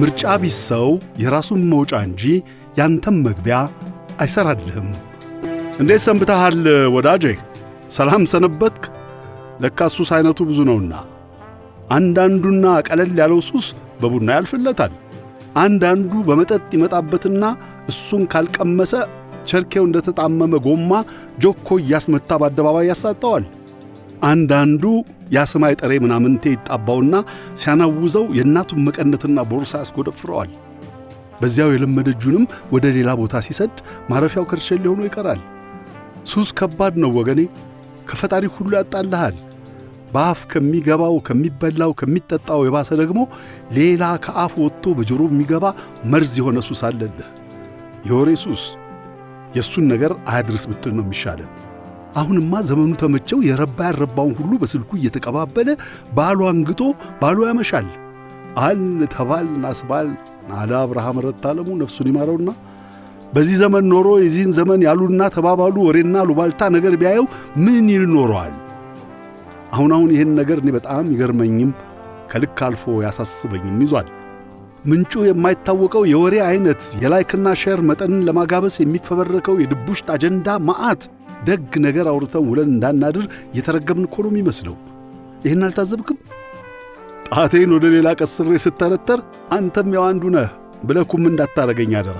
ምርጫ ቢስ ሰው የራሱን መውጫ እንጂ ያንተም መግቢያ አይሰራልህም። እንዴት ሰንብተሃል ወዳጄ? ሰላም ሰነበትክ? ለካ ሱስ አይነቱ ብዙ ነውና አንዳንዱና ቀለል ያለው ሱስ በቡና ያልፍለታል። አንዳንዱ በመጠጥ ይመጣበትና እሱን ካልቀመሰ ቸርኬው እንደተጣመመ ጎማ ጆኮ እያስመታ በአደባባይ ያሳጠዋል። አንዳንዱ ያ ሰማይ ጠሬ ምናምንቴ ይጣባውና ሲያናውዘው የእናቱን መቀነትና ቦርሳ ያስጎደፍረዋል። በዚያው የለመደ እጁንም ወደ ሌላ ቦታ ሲሰድ ማረፊያው ከርቸሌ ሆኖ ይቀራል። ሱስ ከባድ ነው ወገኔ፣ ከፈጣሪ ሁሉ ያጣልሃል። በአፍ ከሚገባው ከሚበላው ከሚጠጣው የባሰ ደግሞ ሌላ ከአፍ ወጥቶ በጆሮ የሚገባ መርዝ የሆነ ሱስ አለልህ። የወሬ ሱስ የእሱን ነገር አያድርስ ብትል ነው የሚሻለን። አሁንማ ዘመኑ ተመቸው። የረባ ያረባውን ሁሉ በስልኩ እየተቀባበለ ባሉ አንግቶ ባሉ ያመሻል። አል ተባል ናስባል አለ አብርሃም ረታ ነፍሱን ይማረውና በዚህ ዘመን ኖሮ የዚህን ዘመን ያሉና ተባባሉ ወሬና ሉባልታ ነገር ቢያየው ምን ይል ኖረዋል? አሁን አሁን ይህን ነገር እኔ በጣም ይገርመኝም ከልክ አልፎ ያሳስበኝም ይዟል። ምንጩ የማይታወቀው የወሬ አይነት፣ የላይክና ሼር መጠንን ለማጋበስ የሚፈበረከው የድቡሽት አጀንዳ መዓት ደግ ነገር አውርተን ውለን እንዳናድር የተረገምን እኮ ነው የሚመስለው። ይህን አልታዘብክም? ጣቴን ወደ ሌላ ቀስሬ ስተረተር አንተም ያው አንዱ ነህ ብለኩም እንዳታረገኝ አደራ።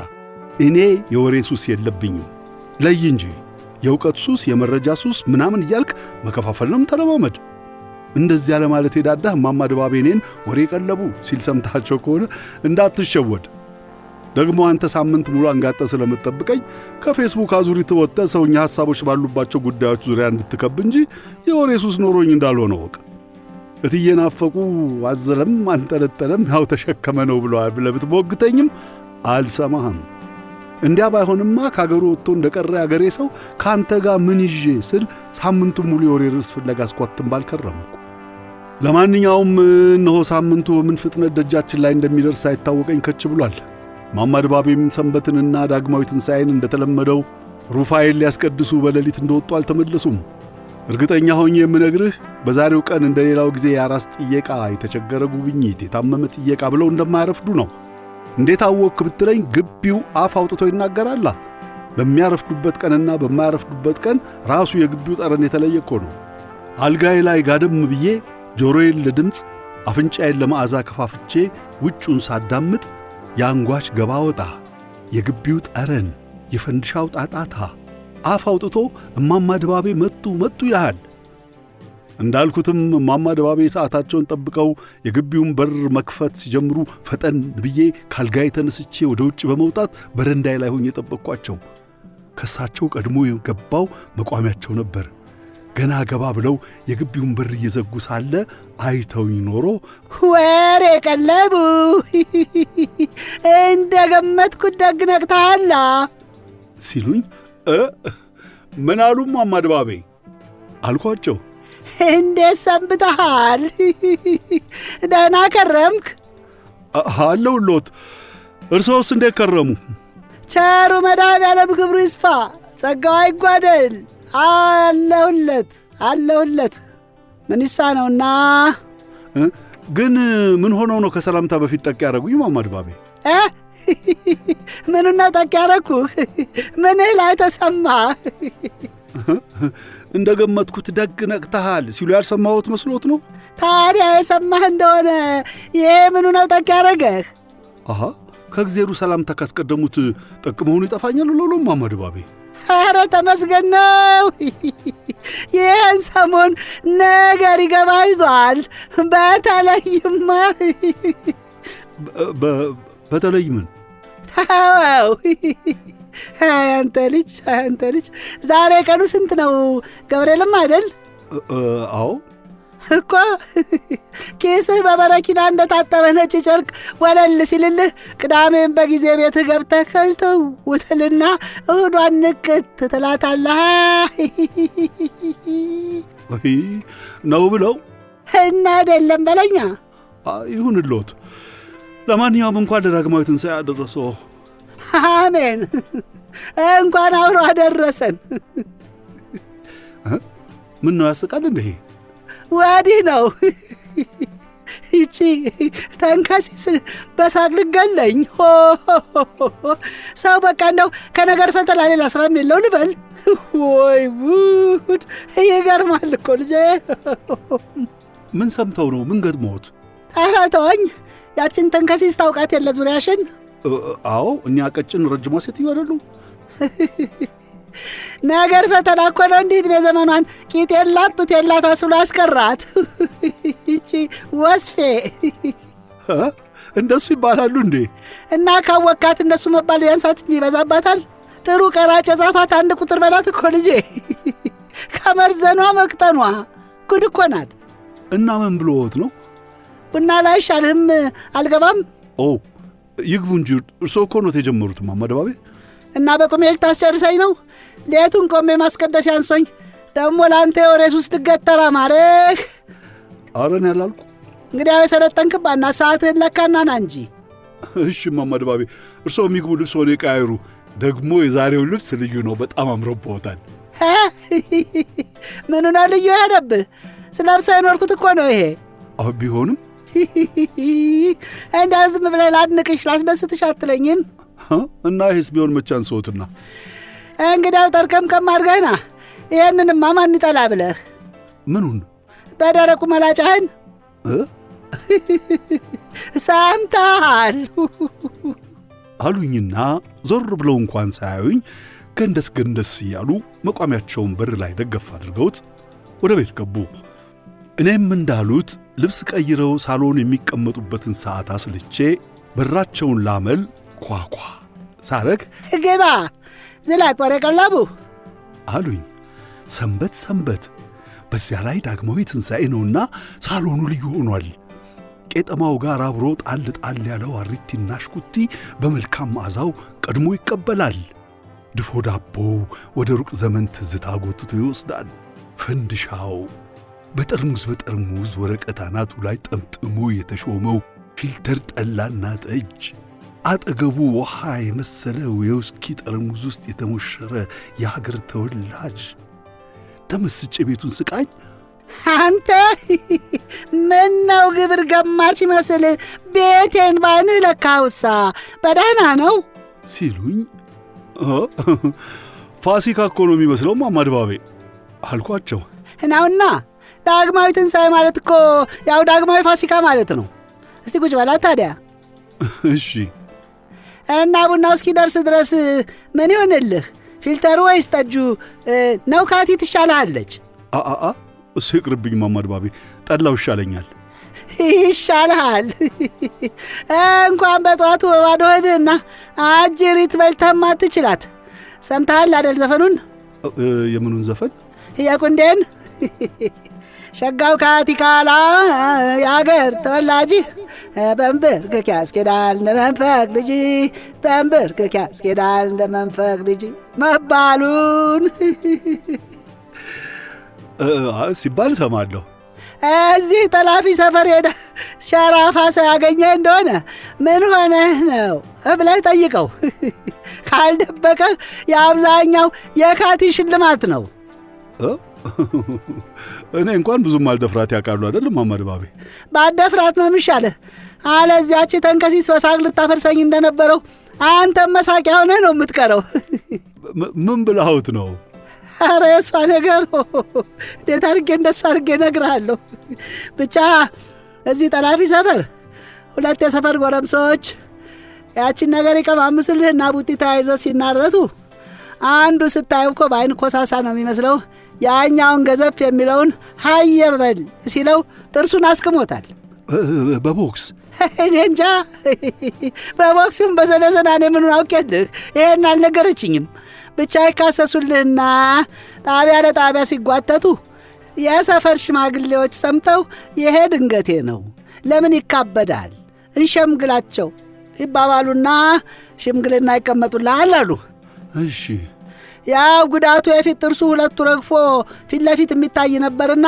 እኔ የወሬ ሱስ የለብኝም። ለይ እንጂ የእውቀት ሱስ፣ የመረጃ ሱስ ምናምን እያልክ መከፋፈልንም ተለማመድ። እንደዚያ ለማለት የዳዳህ እማማ ድባቤ እኔን ወሬ ቀለቡ ሲል ሰምታቸው ከሆነ እንዳትሸወድ። ደግሞ አንተ ሳምንት ሙሉ አንጋጠ ስለምጠብቀኝ ከፌስቡክ አዙሪት ወጥተህ ሰውኛ ሐሳቦች ባሉባቸው ጉዳዮች ዙሪያ እንድትከብ እንጂ የወሬ ሱስ ኖሮኝ እንዳልሆነ ወቅ እትየናፈቁ አዘለም አንጠለጠለም ያው ተሸከመ ነው ብለዋል ብለህ ብትሞግተኝም አልሰማህም። እንዲያ ባይሆንማ ከአገሩ ወጥቶ እንደቀረ አገሬ ሰው ከአንተ ጋር ምን ይዤ ስል ሳምንቱን ሙሉ የወሬ ርዕስ ፍለጋ ስኳትን ባልከረምኩ። ለማንኛውም እነሆ ሳምንቱ በምን ፍጥነት ደጃችን ላይ እንደሚደርስ አይታወቀኝ ከች ብሏል። ማማድ ባቤም ሰንበትንና ዳግማዊ ትንሣኤን እንደተለመደው ሩፋኤል ሊያስቀድሱ በሌሊት እንደወጡ አልተመለሱም። እርግጠኛ ሆኜ የምነግርህ በዛሬው ቀን እንደ ሌላው ጊዜ የአራስ ጥየቃ፣ የተቸገረ ጉብኝት፣ የታመመ ጥየቃ ብለው እንደማያረፍዱ ነው። እንዴት አወክ ብትለኝ ግቢው አፍ አውጥቶ ይናገራላ። በሚያረፍዱበት ቀንና በማያረፍዱበት ቀን ራሱ የግቢው ጠረን የተለየ እኮ ነው። አልጋዬ ላይ ጋደም ብዬ ጆሮዬን ለድምፅ አፍንጫዬን ለመዓዛ ከፋፍቼ ውጩን ሳዳምጥ የአንጓች ገባ ወጣ፣ የግቢው ጠረን፣ የፈንድሻው ጣጣታ አፍ አውጥቶ እማማ ድባቤ መጡ መጡ ይልሃል። እንዳልኩትም እማማ ድባቤ ሰዓታቸውን ጠብቀው የግቢውን በር መክፈት ሲጀምሩ ፈጠን ብዬ ካልጋይ ተነስቼ ወደ ውጭ በመውጣት በረንዳይ ላይ ሆኜ የጠበቅኳቸው ከሳቸው ቀድሞ የገባው መቋሚያቸው ነበር። ገና ገባ ብለው የግቢውን በር እየዘጉ ሳለ አይተውኝ ኖሮ ወሬ ቀለቡ እንደ ገመትኩት ደግ ነቅተሃላ ሲሉኝ ምን አማድባቤ አልኳቸው። እንዴት ሰንብተሃል? ደህና ከረምክ? ሎት እርሶስ እንዴት ከረሙ? ቸሩ መድኃኔዓለም ክብሩ ይስፋ፣ ጸጋው አይጓደል አለሁለት አለሁለት ምን ይሳ ነውና ግን ምን ሆነው ነው ከሰላምታ በፊት ጠቅ ያደረጉኝ ማማ ድባቤ ምኑና ጠቅ ያደረግኩህ ምን ላይ ተሰማ እንደ ገመትኩት ደግ ነቅተሃል ሲሉ ያልሰማሁት መስሎት ነው ታዲያ የሰማህ እንደሆነ ይሄ ምኑ ነው ጠቅ ያደረገህ ከእግዜሩ ሰላምታ ካስቀደሙት ጠቅ መሆኑ ይጠፋኛል ሎሎም ማማ ድባቤ ኧረ ተመስገን ነው። ይህን ሰሞን ነገር ይገባ ይዟል። በተለይማ በተለይ ምን ታዋው አንተ ልጅ አንተ ልጅ ዛሬ ቀኑ ስንት ነው? ገብርኤልም አይደል? አዎ እኮ ኪስህ በበረኪና እንደታጠበ ነጭ ጨርቅ ወለል ሲልልህ ቅዳሜን በጊዜ ቤትህ ገብተህ ከልተው ውትልና እሁዷን ንቅት ትላታለህ። ነው ብለው እና አይደለም በለኛ። ይሁንሎት። ለማንኛውም እንኳን ለዳግማዊ ትንሣኤ አደረሰዎ። አሜን። እንኳን አብሮ አደረሰን። ምን ነው ያስቃል እንደ ወዲህ ነው። ይቺ ተንከሲስ በሳቅ ልገለኝ። ሰው በቃ እንደው ከነገር ፈተላ ሌላ ስራም የለው ልበል። ወይ ውድ ይገርማል እኮ ልጄ። ምን ሰምተው ነው? ምን ገጥሞት? ኧረ ተወኝ። ያችን ተንከሲስ ታውቃት የለ ዙሪያሽን? አዎ፣ እኛ ቀጭን ረጅሟ ሴትዮ አይደሉ ነገር ፈተና እኮ ነው። እንዲህ ዕድሜ ዘመኗን ቂጥ የላት ጡት የላት አስብሎ አስቀራት። ይቺ ወስፌ እንደሱ ይባላሉ እንዴ? እና ካወካት እነሱ መባል ቢያንሳት እንጂ ይበዛባታል። ጥሩ ቀራጭ የጻፋት አንድ ቁጥር በላት እኮ ልጄ። ከመርዘኗ መቅጠኗ ጉድ እኮ ናት። እና ምን ብሎት ነው? ቡና ላይ ሻልህም አልገባም። ኦ ይግቡ እንጂ እርስዎ እኮ ኖት የጀመሩትማ መደባቤ እና በቁሜ ልታስጨርሰኝ ነው? ሌቱን ቆሜ ማስቀደስ ያንሶኝ ደግሞ ለአንተ የወሬስ ውስጥ ገተራ ማረህ። አረን ያላልኩ እንግዲህ ያው የሰለጠንክባና ሰዓትህን ለካና ና እንጂ። እሺ እማማ ድባቤ፣ እርስዎ የሚግቡ ልብስ ሆነ ቀያይሩ። ደግሞ የዛሬው ልብስ ልዩ ነው፣ በጣም አምሮብዎታል። ምኑ ነው ልዩ የሆነብህ? ስለብሰህ የኖርኩት እኮ ነው ይሄ። ቢሆንም እንደ ዝም ብለህ ላድንቅሽ ላስደስትሽ አትለኝም? እና ይህስ ቢሆን መቼ አንስዎትና እንግዳው ጠርከምከም አድርገህና ይህንንማ ማን ይጠላ ብለህ ምኑን በደረቁ መላጫህን ሰምተሃል አሉኝና ዞር ብለው እንኳን ሳያዩኝ ገንደስ ገንደስ እያሉ መቋሚያቸውን በር ላይ ደገፍ አድርገውት ወደ ቤት ገቡ። እኔም እንዳሉት ልብስ ቀይረው ሳሎን የሚቀመጡበትን ሰዓት አስልቼ በራቸውን ላመል ኳኳ ሳረግ ገባ ዝላት ወደ አሉኝ። ሰንበት ሰንበት በዚያ ላይ ዳግማዊ ትንሣኤ ነውና ሳሎኑ ልዩ ሆኗል። ቄጠማው ጋር አብሮ ጣል ጣል ያለው አሪቲና ሽኩቲ በመልካም መዓዛው ቀድሞ ይቀበላል። ድፎ ዳቦው ወደ ሩቅ ዘመን ትዝታ ጎትቶ ይወስዳል። ፈንድሻው በጠርሙዝ በጠርሙዝ ወረቀት አናቱ ላይ ጠምጥሞ የተሾመው ፊልተር ጠላና ጠጅ አጠገቡ ውሃ የመሰለው የውስኪ ጠርሙዝ ውስጥ የተሞሸረ የሀገር ተወላጅ ተመስጬ ቤቱን ስቃኝ አንተ ምን ነው ግብር ገማች ይመስል ቤቴን ባይንህ ለካውሳ በደህና ነው ሲሉኝ፣ ፋሲካ እኮ ነው የሚመስለው ማማድባቤ አልኳቸው። ናውና ዳግማዊ ትንሣኤ ማለት እኮ ያው ዳግማዊ ፋሲካ ማለት ነው። እስቲ ቁጭ በላት ታዲያ። እሺ እና ቡናው እስኪደርስ ድረስ ምን ይሆንልህ? ፊልተሩ ወይስ ጠጁ ነው? ካቲ ትሻልሃለች። አአ እሱ ማማድ ማማድባቤ ጠላው ይሻለኛል። ይሻልሃል። እንኳን በጠዋቱ በባዶ ሆድህና አጅሪት በልተማ ትችላት። ሰምተሃል አደል ዘፈኑን? የምኑን ዘፈን? የቁንዴን ሸጋው ካቲካላ የአገር ተወላጅ በንብርክክ ያስኬዳል እንደ መንፈቅ ልጅ በንብርክክ ያስኬዳል እንደ መንፈቅ ልጅ መባሉን ሲባል ሰማለሁ። እዚህ ጠላፊ ሰፈር ሄደ ሸራፋ ሰው ያገኘ እንደሆነ ምን ሆነ ነው ብለህ ጠይቀው። ካልደበቀ የአብዛኛው የካቲ ሽልማት ነው። እኔ እንኳን ብዙም አልደፍራት ያውቃሉ አይደለም አመድባቤ ባደፍራት ነው የሚሻልህ። አለዚያች ተንከሲስ በሳቅ ልታፈርሰኝ እንደነበረው አንተ መሳቂያ ሆነ ነው የምትቀረው። ምን ብላሁት ነው? አረ የእሷ ነገር እንዴት አድርጌ እንደሱ አድርጌ እነግርሃለሁ። ብቻ እዚህ ጠላፊ ሰፈር ሁለት የሰፈር ጎረምሶች ያችን ነገር ይቀማምሱልህና ቡጢ ተያይዘው ሲናረቱ አንዱ ስታይ እኮ በአይን ኮሳሳ ነው የሚመስለው ያኛውን ገዘፍ የሚለውን ሀየበል ሲለው ጥርሱን አስክሞታል። በቦክስ እኔ እንጃ፣ በቦክስም በሰለሰና እኔ ምኑን አውቄልህ? ይሄን አልነገረችኝም። ብቻ ይካሰሱልህና ጣቢያ ለጣቢያ ሲጓተቱ የሰፈር ሽማግሌዎች ሰምተው ይሄ ድንገቴ ነው፣ ለምን ይካበዳል እንሸምግላቸው ይባባሉና ሽምግልና ይቀመጡልሃል አሉ። እሺ ያው ጉዳቱ የፊት ጥርሱ ሁለቱ ረግፎ ፊት ለፊት የሚታይ ነበርና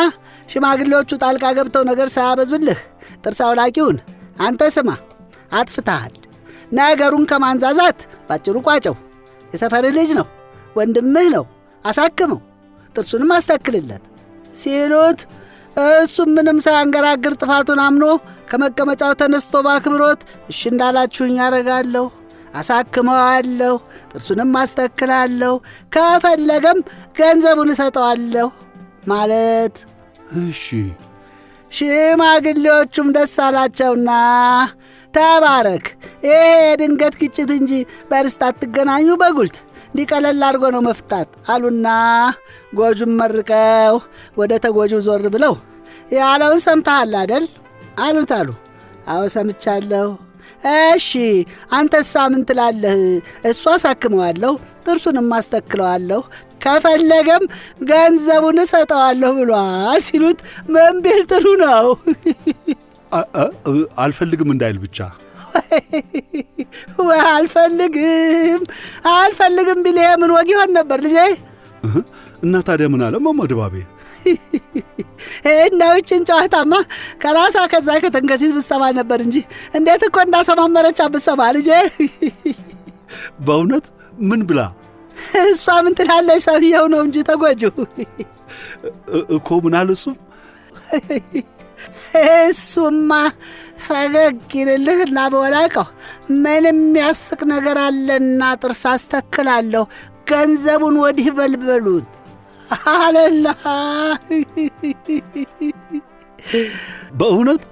ሽማግሌዎቹ ጣልቃ ገብተው ነገር ሳያበዙልህ ጥርስ አውላቂውን አንተ ስማ፣ አጥፍተሃል። ነገሩን ከማንዛዛት ባጭሩ ቋጨው። የሰፈርህ ልጅ ነው፣ ወንድምህ ነው፣ አሳክመው፣ ጥርሱንም አስተክልለት ሲሉት እሱም ምንም ሳያንገራግር ጥፋቱን አምኖ ከመቀመጫው ተነስቶ በአክብሮት እሺ እንዳላችሁኝ ያደርጋለሁ አሳክመዋለሁ፣ ጥርሱንም አስተክላለሁ፣ ከፈለገም ገንዘቡን እሰጠዋለሁ ማለት እሺ። ሽማግሌዎቹም ደስ አላቸውና ተባረክ፣ ይሄ የድንገት ግጭት እንጂ በርስት አትገናኙ በጉልት እንዲቀለል አድርጎ ነው መፍታት አሉና ጎጁም መርቀው ወደ ተጎጁ ዞር ብለው ያለውን ሰምተሃል አደል አሉት አሉ። አዎ ሰምቻለሁ እሺ አንተሳ ምን ትላለህ? እሱ አሳክመዋለሁ፣ ጥርሱንም አስተክለዋለሁ፣ ከፈለገም ገንዘቡን እሰጠዋለሁ ብሏል ሲሉት መንቤል ጥሩ ነው። አልፈልግም እንዳይል ብቻ አልፈልግም አልፈልግም ቢል ምን ወግ ይሆን ነበር ልጄ? እና ታዲያ ምን አለ ማማ ድባቤ? እና ይህችን ጨዋታማ ከራሳ ከዛ ከተንከሲስ ብሰማ ነበር እንጂ እንዴት እኮ እንዳሰማመረቻ ብሰማ ልጄ። በእውነት ምን ብላ እሷ ምን ትላለች? ሰውየው ነው እንጂ ተጎጂው እኮ ምናል እሱም እሱማ ፈገግ ይልልህና በወላቀው ምን የሚያስቅ ነገር አለና ጥርስ አስተክላለሁ፣ ገንዘቡን ወዲህ በልበሉት አለላ በእውነት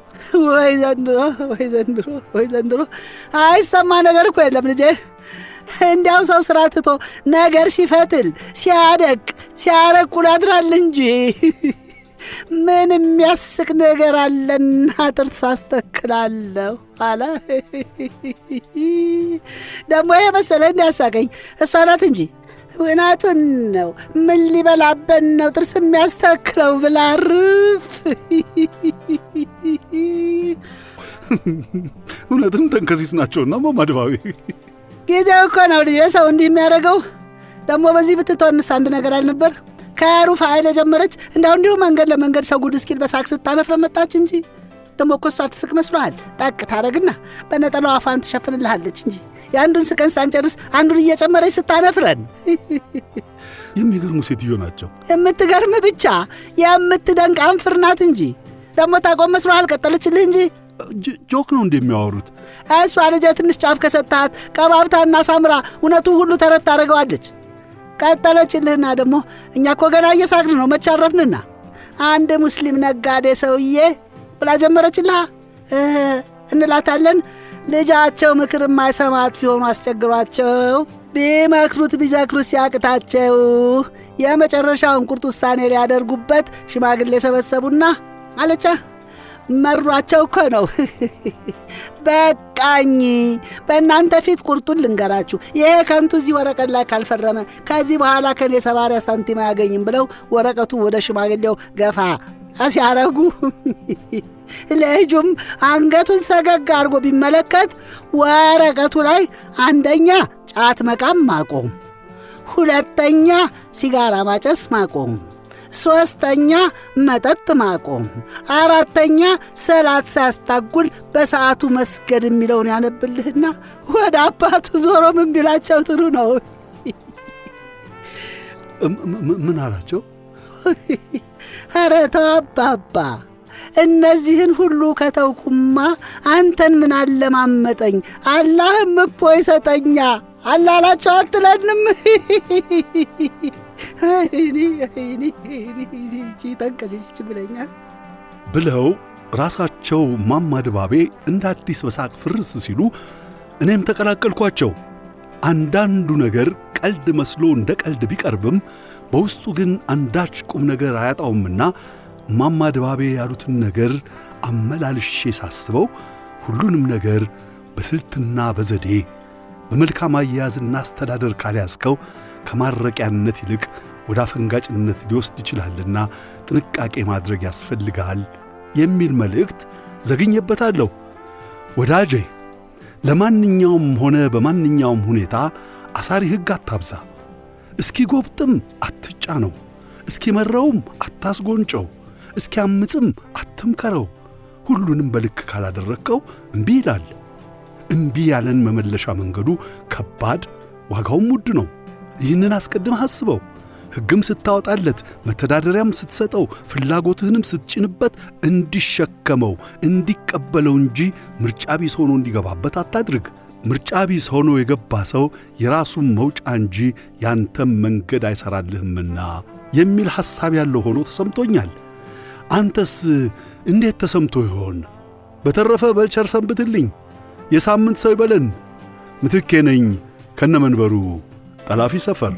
ወይ ዘንድሮ ወይ ዘንድሮ ወይ ዘንድሮ አይሰማ ነገር እኮ የለም ልጄ። እንዲያው ሰው ስራ ትቶ ነገር ሲፈትል ሲያደቅ ሲያረቅ ውላድራል እንጂ ምን የሚያስቅ ነገር አለና ጥርስ አስተክላለሁ አለ። ደግሞ ይሄ መሰለ እንዲያሳቀኝ እሷ ናት እንጂ ውናቱን ነው ምን ሊበላበን ነው ጥርስ የሚያስተክለው ብላ ርፍ። እውነትም ተንከሲስ ናቸውና ማማድባዊ ጊዜው እኮ ነው ልጄ ሰው እንዲህ የሚያደርገው። ደግሞ በዚህ ብትተንስ አንድ ነገር አልነበር? ከሩፍ ኃይል የጀመረች እንዳሁ እንዲሁ መንገድ ለመንገድ ሰው ጉድ እስኪል በሳቅ ስታነፍረ መጣች እንጂ ደግሞ እኮ እሷ ትስቅ መስሎሃል? ጠቅ ታረግና በነጠላው አፏን ትሸፍንልሃለች እንጂ የአንዱን ስቀን ሳንጨርስ አንዱን እየጨመረች ስታነፍረን። የሚገርሙ ሴትዮ ናቸው። የምትገርም ብቻ የምትደንቅ አንፍር ናት እንጂ ደግሞ ታቆም መስሎ አልቀጠለችልህ እንጂ ጆክ ነው እንደሚያወሩት። እሷ ልጄ ትንሽ ጫፍ ከሰጥታት ቀባብታና ሳምራ እውነቱን ሁሉ ተረት ታደርገዋለች። ቀጠለችልህና ደግሞ እኛ እኮ ገና እየሳቅን ነው መቻረፍንና አንድ ሙስሊም ነጋዴ ሰውዬ ብላ ጀመረችልሃ እንላታለን ልጃቸው ምክር የማይሰማት ቢሆኑ አስቸግሯቸው ቢመክሩት ቢዘክሩት ሲያቅታቸው የመጨረሻውን ቁርጥ ውሳኔ ሊያደርጉበት ሽማግሌ ሰበሰቡና አለቻ መሯቸው እኮ ነው። በቃኝ፣ በእናንተ ፊት ቁርጡን ልንገራችሁ። ይሄ ከንቱ እዚህ ወረቀት ላይ ካልፈረመ ከዚህ በኋላ ከኔ ሰባሪያ ሳንቲም አያገኝም ብለው ወረቀቱ ወደ ሽማግሌው ገፋ ሲያረጉ ልጁም አንገቱን ሰገግ አድርጎ ቢመለከት ወረቀቱ ላይ አንደኛ ጫት መቃም ማቆም፣ ሁለተኛ ሲጋራ ማጨስ ማቆም፣ ሦስተኛ መጠጥ ማቆም፣ አራተኛ ሰላት ሲያስታጉል በሰዓቱ መስገድ የሚለውን ያነብልህና ወደ አባቱ ዞሮ ምን ቢላቸው ጥሩ ነው? ምን አላቸው? ኧረ ተው አባባ እነዚህን ሁሉ ከተውኩማ አንተን ምን አለማመጠኝ? አላህም እኮ ይሰጠኛ አላላቸው አትለንም። ተንቀሴች ብለኛ ብለው ራሳቸው ማማ ድባቤ እንደ አዲስ በሳቅ ፍርስ ሲሉ እኔም ተቀላቀልኳቸው። አንዳንዱ ነገር ቀልድ መስሎ እንደ ቀልድ ቢቀርብም በውስጡ ግን አንዳች ቁም ነገር አያጣውምና እማማ ድባቤ ያሉትን ነገር አመላልሼ ሳስበው ሁሉንም ነገር በስልትና በዘዴ በመልካም አያያዝና አስተዳደር ካልያዝከው ከማረቂያነት ይልቅ ወደ አፈንጋጭነት ሊወስድ ይችላልና ጥንቃቄ ማድረግ ያስፈልጋል የሚል መልእክት ዘግኝበታለሁ። ወዳጄ ለማንኛውም ሆነ በማንኛውም ሁኔታ አሳሪ ሕግ አታብዛ። እስኪ ጎብጥም እስኪ መራውም አታስጎንጨው። እስኪያምፅም አትምከረው። ሁሉንም በልክ ካላደረግከው እምቢ ይላል። እምቢ ያለን መመለሻ መንገዱ ከባድ፣ ዋጋውም ውድ ነው። ይህንን አስቀድመህ አስበው። ሕግም ስታወጣለት፣ መተዳደሪያም ስትሰጠው፣ ፍላጎትህንም ስትጭንበት እንዲሸከመው እንዲቀበለው እንጂ ምርጫ ቢስ ሆኖ እንዲገባበት አታድርግ። ምርጫ ቢስ ሆኖ የገባ ሰው የራሱን መውጫ እንጂ ያንተም መንገድ አይሠራልህምና የሚል ሐሳብ ያለው ሆኖ ተሰምቶኛል። አንተስ እንዴት ተሰምቶ ይሆን? በተረፈ በልቸር ሰንብትልኝ፣ የሳምንት ሰው ይበለን። ምትኬ ነኝ ከነመንበሩ ጠላፊ ሰፈር